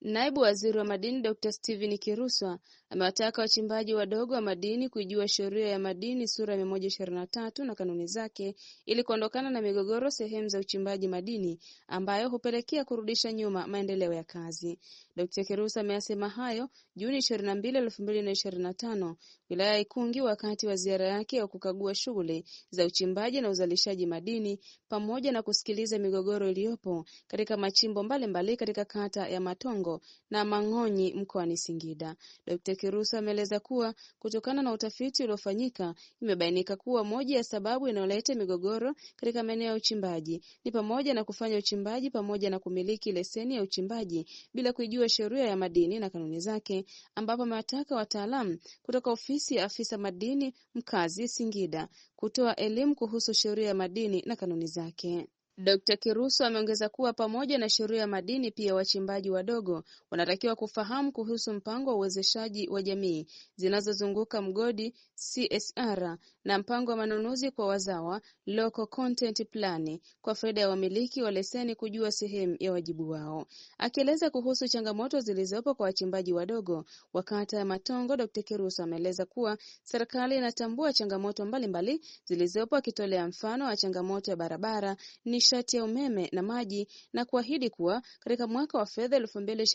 Naibu Waziri wa Madini dr Steven Kiruswa amewataka wachimbaji wadogo wa madini kuijua Sheria ya Madini Sura ya mia moja ishirini na tatu na kanuni zake ili kuondokana na migogoro sehemu za uchimbaji madini ambayo hupelekea kurudisha nyuma maendeleo ya kazi. Dr Kiruswa ameyasema hayo Juni ishirini na mbili elfu mbili na ishirini na tano wilaya ya Ikungi wakati wa ziara yake ya kukagua shughuli za uchimbaji na uzalishaji madini pamoja na kusikiliza migogoro iliyopo katika machimbo mbalimbali mbali katika kata ya Matongo Ubungo na Mang'onyi mkoani Singida. Dr. Kirusa ameeleza kuwa kutokana na utafiti uliofanyika imebainika kuwa moja ya sababu inayoleta migogoro katika maeneo ya uchimbaji ni pamoja na kufanya uchimbaji pamoja na kumiliki leseni ya uchimbaji bila kuijua sheria ya madini na kanuni zake, ambapo amewataka wataalamu kutoka ofisi ya afisa madini mkazi Singida kutoa elimu kuhusu sheria ya madini na kanuni zake. Dkt Kirusu ameongeza kuwa pamoja na sheria ya madini pia wachimbaji wadogo wanatakiwa kufahamu kuhusu mpango wa uwezeshaji wa jamii zinazozunguka mgodi CSR na mpango wa manunuzi kwa wazawa Local Content Plan kwa faida ya wamiliki wa leseni kujua sehemu ya wajibu wao. Akieleza kuhusu changamoto zilizopo kwa wachimbaji wadogo wa kata ya Matongo, Dkt Kirusu ameeleza kuwa serikali inatambua changamoto mbalimbali zilizopo, akitolea mfano wa changamoto ya barabara ni nishati ya umeme na maji na kuahidi kuwa katika mwaka wa fedha elfu mbili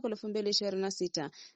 kwa elfu mbili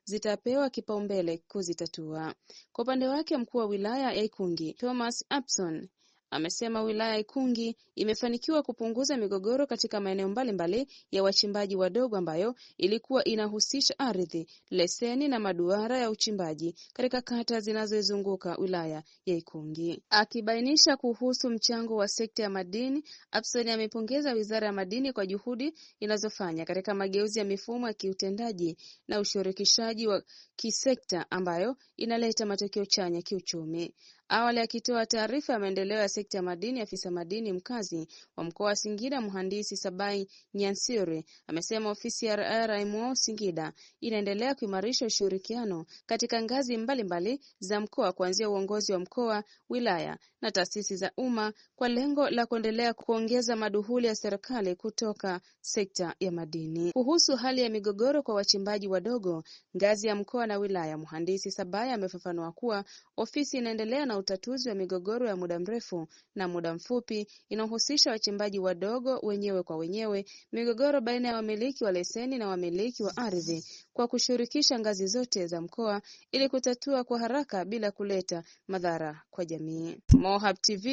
zitapewa kipaumbele kuzitatua. Kwa upande wake mkuu wa wilaya ya Ikungi Thomas Apson Amesema wilaya Ikungi imefanikiwa kupunguza migogoro katika maeneo mbalimbali ya wachimbaji wadogo ambayo ilikuwa inahusisha ardhi, leseni na maduara ya uchimbaji katika kata zinazoizunguka wilaya ya Ikungi. Akibainisha kuhusu mchango wa sekta ya madini, Abson amepongeza Wizara ya Madini kwa juhudi inazofanya katika mageuzi ya mifumo ya kiutendaji na ushirikishaji wa kisekta ambayo inaleta matokeo chanya kiuchumi. Awali akitoa taarifa ya maendeleo ya sekta ya madini, afisa madini mkazi wa mkoa wa Singida Mhandisi Sabai Nyansiri amesema ofisi ya RMO Singida inaendelea kuimarisha ushirikiano katika ngazi mbalimbali mbali za mkoa kuanzia uongozi wa mkoa, wilaya na taasisi za umma kwa lengo la kuendelea kuongeza maduhuli ya serikali kutoka sekta ya madini. Kuhusu hali ya migogoro kwa wachimbaji wadogo ngazi ya mkoa na wilaya, Mhandisi Sabai amefafanua kuwa ofisi inaendelea na utatuzi wa migogoro ya muda mrefu na muda mfupi inaohusisha wachimbaji wadogo wenyewe kwa wenyewe, migogoro baina ya wamiliki wa leseni na wamiliki wa ardhi, kwa kushirikisha ngazi zote za mkoa ili kutatua kwa haraka bila kuleta madhara kwa jamii. Mohab TV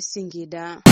Singida.